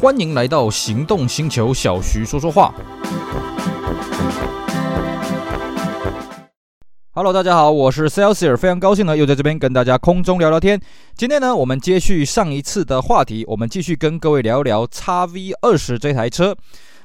歡迎來到行動星球，小徐說說話。Hello，大家好，我是 Celsior，非常高興呢，又在這邊跟大家空中聊聊天。今天呢，我們接續上一次的話題，我們繼續跟各位聊一聊 XV20 這台車。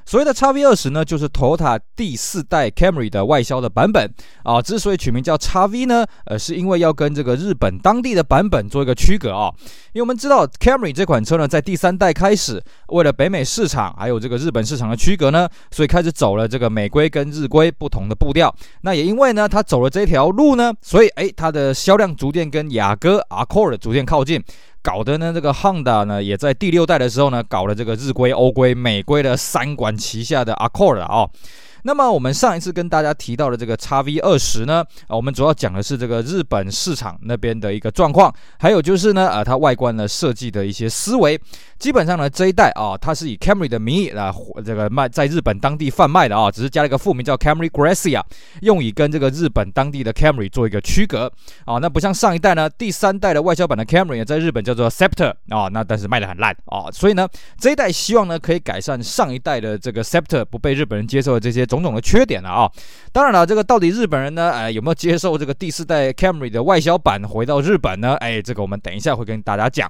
所謂的 XV 二十呢，就是 Toyota 第四代 Camry 的外銷的版本啊、哦。之所以取名叫 XV 呢，呃，是因為要跟這個日本當地的版本做一個區隔啊、哦。因為我們知道 Camry 這款車呢，在第三代開始，為了北美市場還有這個日本市場的區隔呢，所以開始走了這個美規跟日規不同的步調。那也因為呢，它走了這條路呢，所以誒它的銷量逐漸跟雅閣 Accord 逐漸靠近。搞得呢，這個 Honda 呢，也在第六代的時候呢，搞了這個日規、歐規、美規的三管齊下的 Accord 啊、哦。那麼我們上一次跟大家提到的這個叉 V 二十呢，啊，我們主要講的是這個日本市場那邊的一個狀況，還有就是呢，啊，它外觀的設計的一些思維。基本上呢，這一代啊、哦，它是以 Camry 的名義啊，這個賣，在日本當地販賣的啊、哦，只是加了一個副名叫 Camry Gracia，用以跟這個日本當地的 Camry 做一個區隔啊、哦。那不像上一代呢，第三代的外銷版的 Camry 也在日本叫做 Scepter、哦、啊，那但是賣得很爛啊、哦，所以呢，這一代希望呢可以改善上一代的這個 Scepter 不被日本人接受的這些。種種的缺點了啊！當然了，這個到底日本人呢，呃、哎，有沒有接受這個第四代 Camry 的外銷版回到日本呢？哎，這個我們等一下會跟大家講。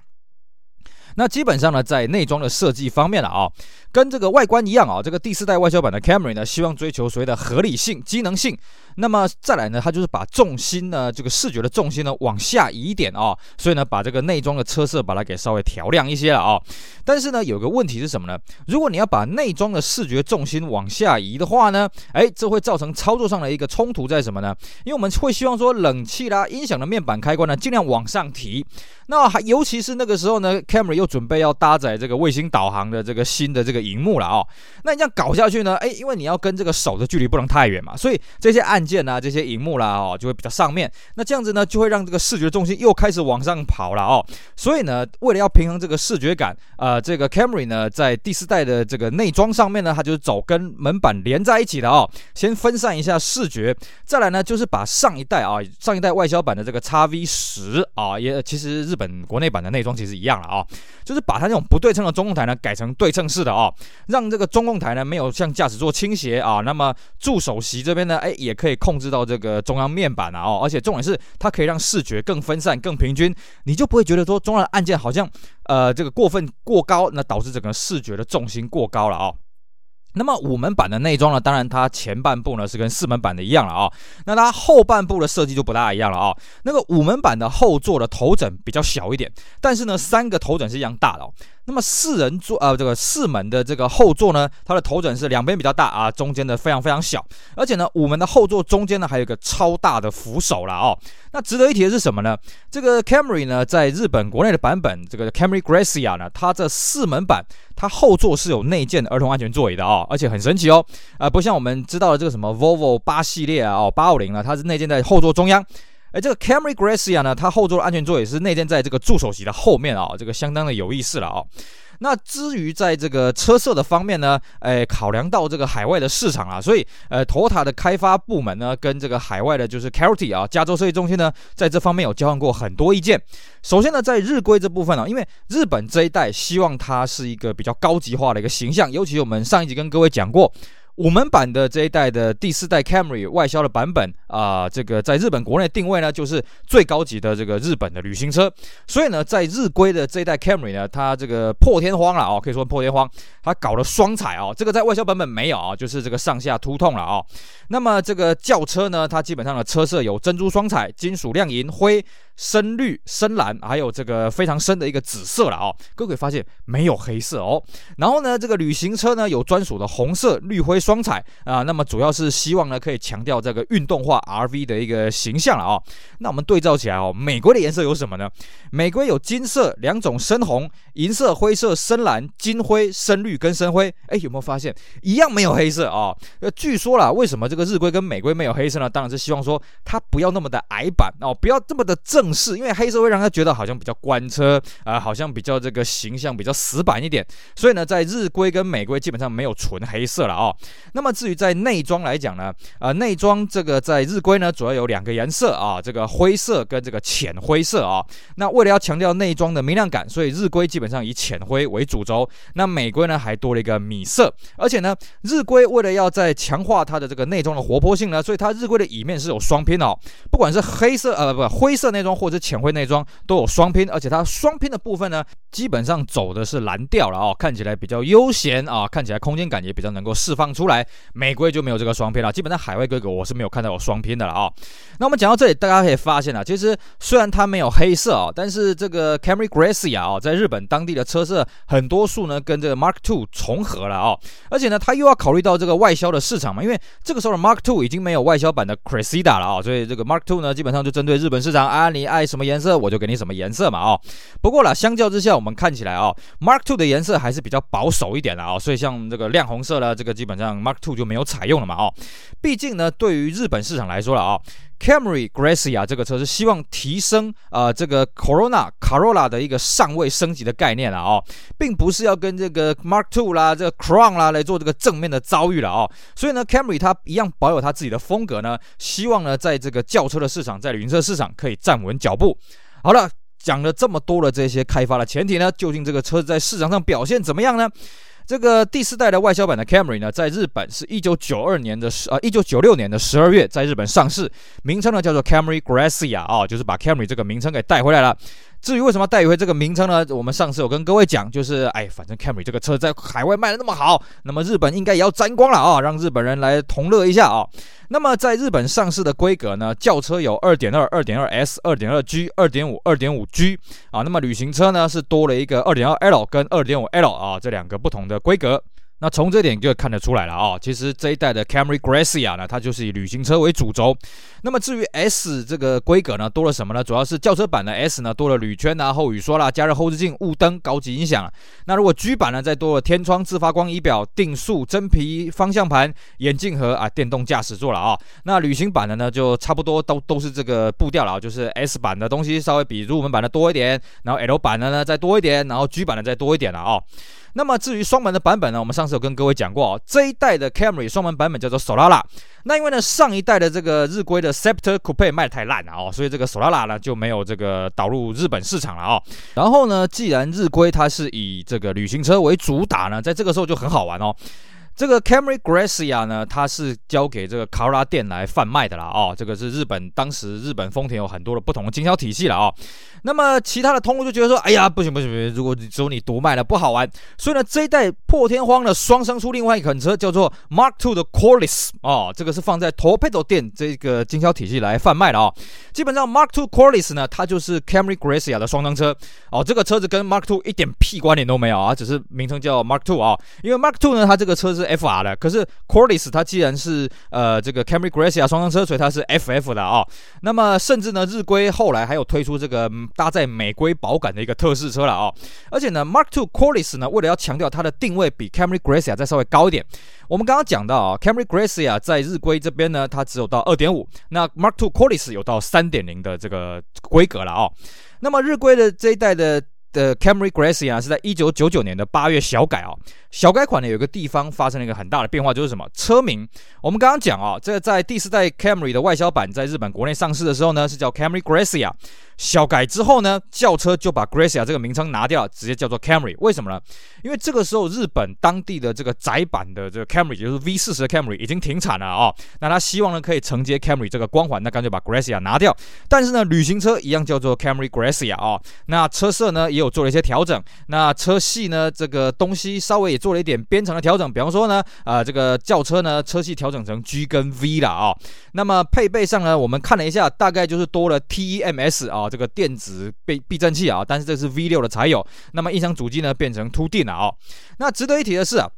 那基本上呢，在內裝的設計方面了啊、哦，跟這個外觀一樣啊、哦。這個第四代外銷版的 Camry 呢，希望追求所謂的合理性、機能性。那麼再來呢，它就是把重心呢，這個視覺的重心呢往下移一點啊、哦。所以呢，把這個內裝的車色把它給稍微調亮一些了啊、哦。但是呢，有個問題是什麼呢？如果你要把內裝的視覺重心往下移的話呢，哎、欸，這會造成操作上的一個衝突在什麼呢？因為我們會希望說，冷氣啦、音響的面板開關呢，盡量往上提。那還尤其是那個時候呢，Camry 又。Cam 準備要搭載這個衛星導航的這個新的這個熒幕了啊、哦，那你這樣搞下去呢？誒，因為你要跟這個手的距離不能太遠嘛，所以這些按鍵啊、這些熒幕啦哦，就會比較上面。那這樣子呢，就會讓這個視覺重心又開始往上跑了哦。所以呢，為了要平衡這個視覺感，呃，這個 Camry 呢，在第四代的這個內裝上面呢，它就是走跟門板連在一起的啊，先分散一下視覺，再來呢就是把上一代啊、哦，上一代外銷版的這個 XV10 啊，也其實日本國內版的內裝其實一樣了啊、哦。就是把它這種不對稱的中控台呢改成對稱式的哦，讓這個中控台呢沒有向駕駛座傾斜啊，那麼助手席這邊呢，哎也可以控制到這個中央面板啊哦，而且重點是它可以讓視覺更分散、更平均，你就不會覺得說中央按鍵好像呃這個過分過高，那導致整個視覺的重心過高了哦。那麼五門版的內裝呢，當然它前半部呢是跟四門版的一樣了啊、哦，那它後半部的設計就不大一樣了啊、哦。那個五門版的後座的頭枕比較小一點，但是呢，三個頭枕是一樣大的哦。那麼四人座，啊、呃，這個四門的這個後座呢，它的頭枕是兩邊比較大啊，中間的非常非常小。而且呢，五門的後座中間呢，還有一個超大的扶手了哦，那值得一提的是什麼呢？這個 Camry 呢，在日本國內的版本，這個 Camry Gracia 呢，它這四門版，它後座是有內建兒童安全座椅的哦，而且很神奇哦。啊、呃，不像我們知道的這個什麼 Volvo 八系列啊，哦，八五零啊，它是內建在後座中央。哎，這個 Camry Gracia 呢，它後座的安全座椅是內墊在這個助手席的後面啊、哦，這個相當的有意思了啊、哦。那至於在這個車色的方面呢，哎，考量到這個海外的市場啊，所以呃，豐田的開發部門呢，跟這個海外的就是 Calty 啊，加州設計中心呢，在這方面有交換過很多意見。首先呢，在日規這部分啊，因為日本這一代希望它是一個比較高級化的一個形象，尤其我們上一集跟各位講過。五門版的這一代的第四代 Camry 外銷的版本啊，這個在日本國內定位呢，就是最高級的這個日本的旅行車。所以呢，在日規的這一代 Camry 呢，它這個破天荒了啊，可以說破天荒，它搞了雙彩啊，這個在外銷版本沒有啊，就是這個上下突痛了啊。那麼這個轎車呢，它基本上的車色有珍珠雙彩、金屬亮銀灰。深綠、深藍，還有這個非常深的一個紫色了哦，各位發現沒有黑色哦？然後呢，這個旅行車呢有專屬的紅色、綠灰雙彩啊。那麼主要是希望呢可以強調這個運動化 RV 的一個形象了哦。那我們對照起來哦，美規的顏色有什麼呢？美規有金色、兩種深紅、銀色、灰色、深藍、金灰、深綠跟深灰。哎，有沒有發現一樣沒有黑色啊、哦？據說啦，為什麼這個日規跟美規沒有黑色呢？當然是希望說它不要那麼的矮板哦，不要這麼的正。正是因為黑色會讓他覺得好像比較官車啊、呃，好像比較這個形象比較死板一點，所以呢，在日規跟美規基本上沒有純黑色了啊、哦。那麼至於在內裝來講呢，呃、內裝這個在日規呢，主要有兩個顏色啊，這個灰色跟這個淺灰色啊、哦。那為了要強調內裝的明亮感，所以日規基本上以淺灰為主軸。那美規呢，還多了一個米色，而且呢，日規為了要再強化它的這個內裝的活潑性呢，所以它日規的椅面是有雙拼哦，不管是黑色呃不灰色內裝，或者淺灰內裝都有雙拼，而且它雙拼的部分呢，基本上走的是藍調了哦，看起來比較悠閒啊、哦，看起來空間感也比較能夠釋放出來，美規就沒有這個雙拼了，基本上海外規格我是沒有看到有雙拼的了啊、哦。那我們講到這裡，大家可以發現呢，其實雖然它沒有黑色啊、哦，但是這個 Camry Gracia 啊、哦，在日本當地的車色很多數呢跟這個 Mark two 重合了啊、哦，而且呢，他又要考慮到這個外銷的市場嘛，因為這個時候的 Mark two 已經沒有外銷版的 Cressida 了啊、哦，所以這個 Mark two 呢，基本上就針對日本市場啊，你。你愛什麼顏色，我就給你什麼顏色嘛！哦，不過啦，相較之下，我們看起來啊、哦，Mark Two 的顏色還是比較保守一點的啊，所以像這個亮紅色呢，這個基本上 Mark Two 就沒有採用了嘛！哦，畢竟呢，對於日本市場來說了啊、哦。Camry Gracia 這個車是希望提升啊、呃，這個 Corona Corolla 的一個上位升級的概念了啊、哦，並不是要跟這個 Mark Two 啦、這個 Crown 啦來做這個正面的遭遇了啊、哦。所以呢，Camry 它一樣保有它自己的風格呢，希望呢在這個轎車的市場，在旅行車市場可以站穩腳步。好了，講了這麼多的這些開發的前提呢，究竟這個車在市場上表現怎麼樣呢？這個第四代的外銷版的 Camry 呢，在日本是一九九二年的十，呃一九九六年的十二月在日本上市，名稱呢叫做 Camry Gracia 啊、哦，就是把 Camry 這個名稱給帶回來了。至於為什麼帶回這個名稱呢？我們上次有跟各位講，就是哎，反正 Camry 這個車在海外賣的那麼好，那麼日本應該也要沾光了啊、哦，讓日本人來同樂一下啊、哦。那麼在日本上市的規格呢，轎車有2.2、2.2S、2.2G、2.5、2.5G 啊，那麼旅行車呢是多了一個 2.2L 跟 2.5L 啊，這兩個不同的規格。那從這點就看得出來了啊、哦，其實這一代的 Camry Gracia 呢，它就是以旅行車為主軸。那麼至於 S 這個規格呢，多了什麼呢？主要是轎車版的 S 呢，多了鋁圈呐、啊、後雨刷啦、加熱後視鏡、霧燈、高級音響。那如果 G 版呢，再多了天窗、自发光儀表、定速、真皮方向盤、眼鏡盒啊、電動駕駛座了啊、哦。那旅行版的呢，就差不多都都是這個步調了啊、哦，就是 S 版的東西稍微比入門版的多一點，然後 L 版的呢再多一點，然後 G 版的再多一點了啊、哦。那麼至於雙門的版本呢？我們上次有跟各位講過哦，這一代的 Camry 雙門版本叫做 Solara。那因為呢上一代的這個日規的 Scepter Coupe 賣得太爛了哦，所以這個 Solara 呢就沒有這個導入日本市場了哦。然後呢，既然日規它是以這個旅行車為主打呢，在這個時候就很好玩哦。這個 Camry Gracia 呢，它是交給這個卡羅拉店來販賣的啦，哦，這個是日本當時日本豐田有很多的不同的經銷體系了，哦，那麼其他的通路就覺得說，哎呀，不行不行不行，如果你只有你獨賣了不好玩，所以呢，這一代破天荒的雙生出另外一款車，叫做 Mark II 的 Qualis 哦，這個是放在 Toyopet 店這個經銷體系來販賣的，哦，基本上 Mark II Qualis 呢，它就是 Camry Gracia 的雙生車，哦，這個車子跟 Mark II 一點屁關聯都沒有啊，只是名稱叫 Mark II 啊、哦，因為 Mark II 呢，它這個車子。F R 的，可是 Cordis 它既然是呃這個 Camry Gracia 雙缸車錘，它是 F F 的啊、哦，那麼甚至呢日規後來還有推出這個搭載美規保感的一個測試車了啊、哦，而且呢 Mark Two Cordis 呢，為了要強調它的定位比 Camry Gracia 再稍微高一點，我們剛剛講到啊、哦、Camry Gracia 在日規這邊呢，它只有到二點五，那 Mark Two Cordis 有到三點零的這個規格了啊、哦，那麼日規的這一代的。的 Camry Gracia 是在一九九九年的八月小改啊、哦。小改款呢，有一個地方發生了一個很大的變化，就是什麼車名。我們剛剛講啊，這個在第四代 Camry 的外銷版在日本國內上市的時候呢，是叫 Camry Gracia。小改之後呢，轎車就把 Gracia 這個名稱拿掉，直接叫做 Camry。為什麼呢？因為這個時候日本當地的這個窄版的這個 Camry，也就是 V 四十的 Camry 已經停產了啊、哦。那他希望呢可以承接 Camry 這個光環，那干脆把 Gracia 拿掉。但是呢，旅行車一樣叫做 Camry Gracia 啊、哦。那車色呢也有。做了一些調整，那車系呢？這個東西稍微也做了一點編成的調整，比方說呢，啊、呃，這個轎車呢，車系調整成 G 跟 V 了啊、哦。那麼配備上呢，我們看了一下，大概就是多了 T E M S 啊、哦，這個電子避避震器啊、哦。但是這是 V 六的才有。那麼音響主機呢，變成凸電了啊、哦。那值得一提的是啊，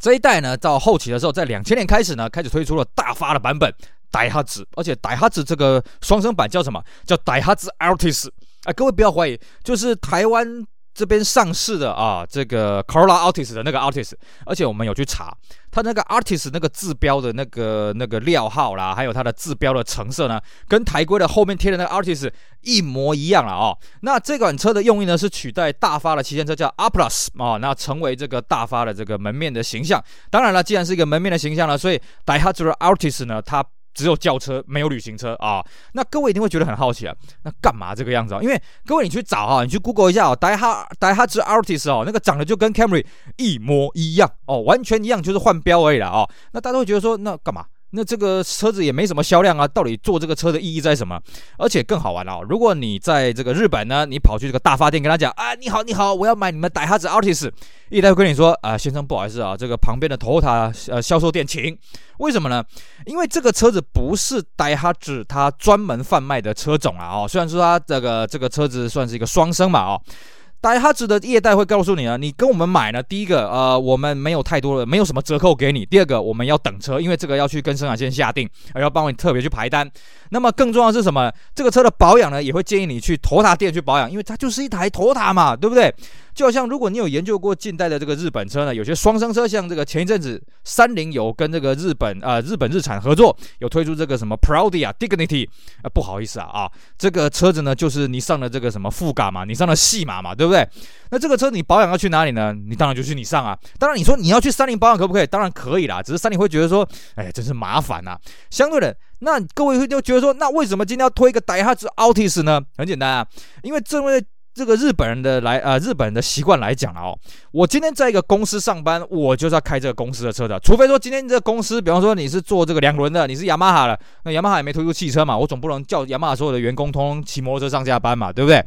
這一代呢，到後期的時候，在兩千年開始呢，開始推出了大發的版本，Daihatsu，而且 Daihatsu 這個雙生版叫什麼，叫 Daihatsu Altis。啊、哎，各位不要懷疑，就是台灣這邊上市的啊，這個 Corolla Altis 的那個 Altis，而且我們有去查，它那個 Altis 那個字標的那個那個料號啦，還有它的字標的成色呢，跟台規的後面貼的那個 Altis 一模一樣了啊、哦。那這款車的用意呢，是取代大發的旗艦車叫 Applause 啊，那成為這個大發的這個門面的形象。當然了，既然是一個門面的形象了，所以 Daihatsu Altis 呢，它只有轎車沒有旅行車啊、哦！那各位一定會覺得很好奇啊，那幹嘛這個樣子啊？因為各位你去找啊，你去 Google 一下哦、啊、Daihatsu、Daihatsu 的 Altis 哦、啊，那個長得就跟 Camry 一模一樣哦，完全一樣，就是換標而已了啊！那大家都會覺得說，那幹嘛？那這個車子也沒什麼銷量啊，到底做這個車的意義在什麼？而且更好玩了、哦，如果你在這個日本呢，你跑去這個大發店跟他講啊，你好你好，我要買你們 Daihatsu Altis，一定會跟你說啊，先生不好意思啊，這個旁邊的 Toyota 呃銷售店，請。為什麼呢？因為這個車子不是 Daihatsu，它專門販賣的車種啊，哦，雖然說它這個這個車子算是一個雙生嘛，哦。大哈子的業代會告訴你啊，你跟我們買呢，第一個，呃，我們沒有太多的，沒有什麼折扣給你；第二個，我們要等車，因為這個要去跟生產線下定，而要幫你特別去排單。那麼更重要的是什麼？這個車的保養呢，也會建議你去 Toyota 店去保養，因為它就是一台 Toyota 嘛，對不對？就好像如果你有研究過近代的這個日本車呢，有些雙生車像這個前一陣子三菱有跟這個日本啊、呃、日本日產合作，有推出這個什麼 Proudia Dignity 啊、呃，不好意思啊啊，這個車子呢就是你上了這個什麼 Fuga 嘛，你上了 Cima 嘛，對不對？那這個車你保養要去哪裡呢？你當然就去你上啊。當然你說你要去三菱保養可不可以？當然可以啦，只是三菱會覺得說，哎，真是麻煩吶、啊。相對的，那各位會就覺得說，那為什麼今天要推一個 Daihatsu Altis 呢？很簡單啊，因為這位。這個日本人的來，呃，日本人的習慣來講哦。我今天在一個公司上班，我就是要開這個公司的車的。除非說今天這個公司，比方說你是做這個兩輪的，你是雅馬哈的，那雅馬哈也沒推出汽車嘛，我總不能叫雅馬哈所有的員工通通騎摩托車上下班嘛，對不對？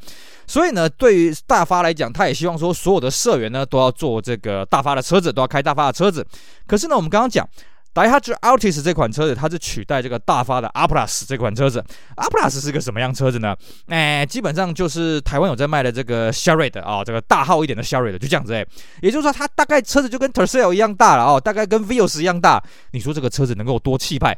所以呢，對於大發來講，他也希望說所有的社員呢都要坐這個大發的車子，都要開大發的車子。可是呢，我們剛剛講。Daihatsu Altis 這款車子，它是取代這個大發的 Applause 這款車子。Applause 是個什麼樣車子呢？哎、欸，基本上就是台灣有在賣的這個 Charade 啊、哦，這個大號一點的 Charade 就這樣子、欸、也就是說，它大概車子就跟 Tercel 一樣大了哦，大概跟 Vios 一樣大。你說這個車子能夠多氣派？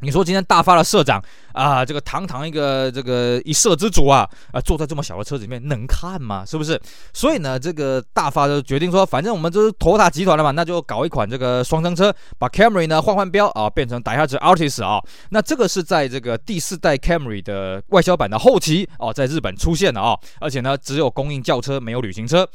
你說今天大發的社長？啊，這個堂堂一個這個一社之主啊，啊，坐在這麼小的車子裡面能看嗎？是不是？所以呢，這個大發就決定說，反正我們都是豐田集團了嘛，那就搞一款這個雙生車，把 Camry 呢換換標啊、哦，變成 Daihatsu Altis 啊。那這個是在這個第四代 Camry 的外銷版的後期哦，在日本出現的啊、哦，而且呢，只有供應轎車，沒有旅行車。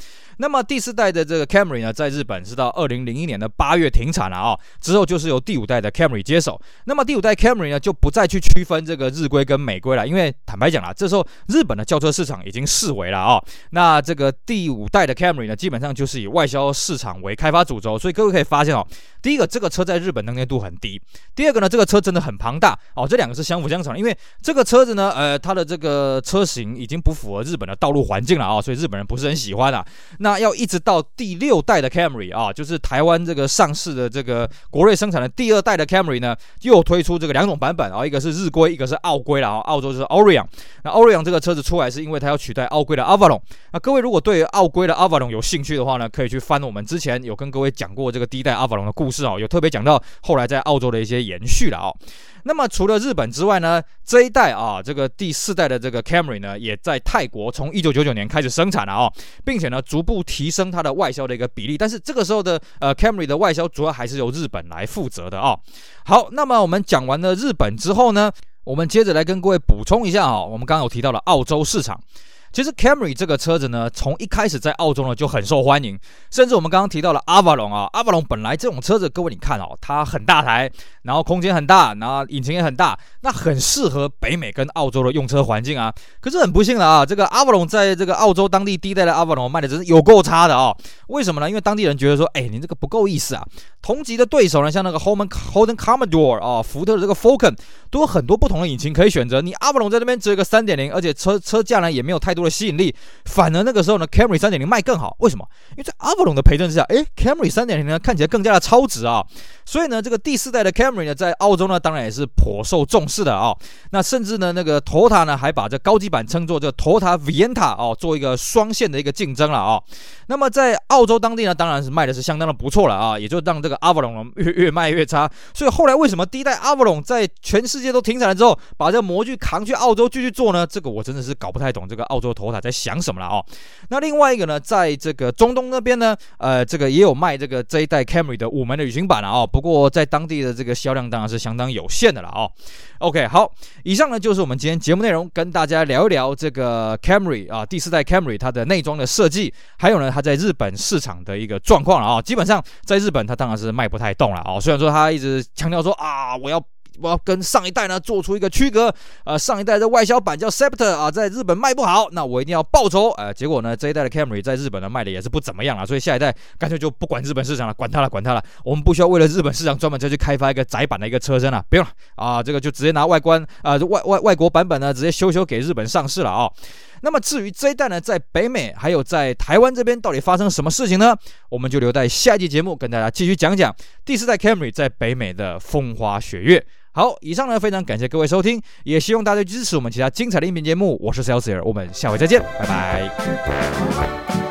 那麼第四代的這個 Camry 呢，在日本是到二零零一年的八月停產了啊、哦，之後就是由第五代的 Camry 接手。那麼第五代 Camry 呢，就不再去區分。這個日規跟美規了，因為坦白講啦，這時候日本的轎車市場已經式微了啊、哦。那這個第五代的 Camry 呢，基本上就是以外銷市場為開發主軸，所以各位可以發現哦，第一個這個車在日本能見度很低，第二個呢，這個車真的很龐大哦。這兩個是相輔相成，因為這個車子呢，呃，它的這個車型已經不符合日本的道路環境了啊、哦，所以日本人不是很喜歡的、啊。那要一直到第六代的 Camry 啊、哦，就是台灣這個上市的這個國瑞生產的第二代的 Camry 呢，又推出這個兩種版本啊、哦，一個是日規。一個是奧規了啊、哦，澳洲就是 Aurion 那 Aurion 這個車子出來是因為它要取代奧規的 Avalon 那各位如果對於奧規的 Avalon 有興趣的話呢，可以去翻我們之前有跟各位講過這個第一代 Avalon 的故事哦，有特別講到後來在澳洲的一些延續了哦，那麼除了日本之外呢，這一代啊，這個第四代的這個 Camry 呢，也在泰國從一九九九年開始生產了啊、哦，並且呢逐步提升它的外銷的一個比例。但是這個時候的呃 Camry 的外銷主要還是由日本來負責的哦。好，那麼我們講完了日本之後呢？我們接着來跟各位補充一下啊，我們剛剛有提到了澳洲市場。其實 Camry 這個車子呢，從一開始在澳洲呢就很受歡迎，甚至我們剛剛提到了阿瓦隆啊，阿瓦隆本來這種車子，各位你看哦，它很大台，然後空間很大，然後引擎也很大，那很適合北美跟澳洲的用車環境啊。可是很不幸的啊，這個阿瓦隆在這個澳洲當地第一代的阿瓦隆賣的真是有夠差的啊、哦！為什麼呢？因為當地人覺得說，哎，你這個不夠意思啊。同級的對手呢，像那個 Holden Commodore 啊、哦，福特的這個 Falcon，都有很多不同的引擎可以選擇，你阿瓦隆在這邊只有一個3.0，而且車車架呢也沒有太多。多了吸引力，反而那個時候呢，Camry 三點零賣更好，為什麼？因為在 Avalon 的陪襯之下，哎、欸、，Camry 三點零呢看起來更加的超值啊、哦，所以呢，這個第四代的 Camry 呢，在澳洲呢，當然也是頗受重視的啊、哦。那甚至呢，那個 Toyota 呢，還把這高級版稱作這 Toyota Vienta 哦，做一個雙線的一個競爭了啊、哦。那麼在澳洲當地呢，當然是賣的是相當的不錯了啊、哦，也就讓這個 Avalon 越越賣越差。所以後來為什麼第一代 Avalon 在全世界都停產了之後，把這個模具扛去澳洲繼續做呢？這個我真的是搞不太懂這個澳洲。頭塔在想什麼了哦？那另外一個呢，在這個中東那邊呢，呃，這個也有賣這個這一代 Camry 的五門旅行版了哦。不過在當地的這個銷量當然是相當有限的了哦。OK，好，以上呢就是我們今天節目內容，跟大家聊一聊這個 Camry 啊，第四代 Camry 它的內裝的設計，還有呢它在日本市場的一個狀況了哦。基本上在日本它當然是賣不太動了哦。雖然說它一直強調說啊，我要。我要跟上一代呢做出一個區隔，啊、呃，上一代的外銷版叫 Scepter 啊，在日本賣不好，那我一定要報仇，呃，結果呢這一代的 Camry 在日本呢賣的也是不怎麼樣啊，所以下一代乾脆就不管日本市場了，管它了，管它了，我們不需要為了日本市場專門再去開發一個窄版的一個車身了，不用了，啊，這個就直接拿外觀，啊、呃，外外外國版本呢直接修修給日本上市了啊、哦。那麼至於這一代呢，在北美還有在台灣這邊，到底發生什麼事情呢？我們就留在下一集節目跟大家繼續講講第四代 Camry 在北美的風花雪月。好，以上呢非常感謝各位收聽，也希望大家支持我們其他精彩的音頻節目。我是 Celsior，我們下回再見，拜拜。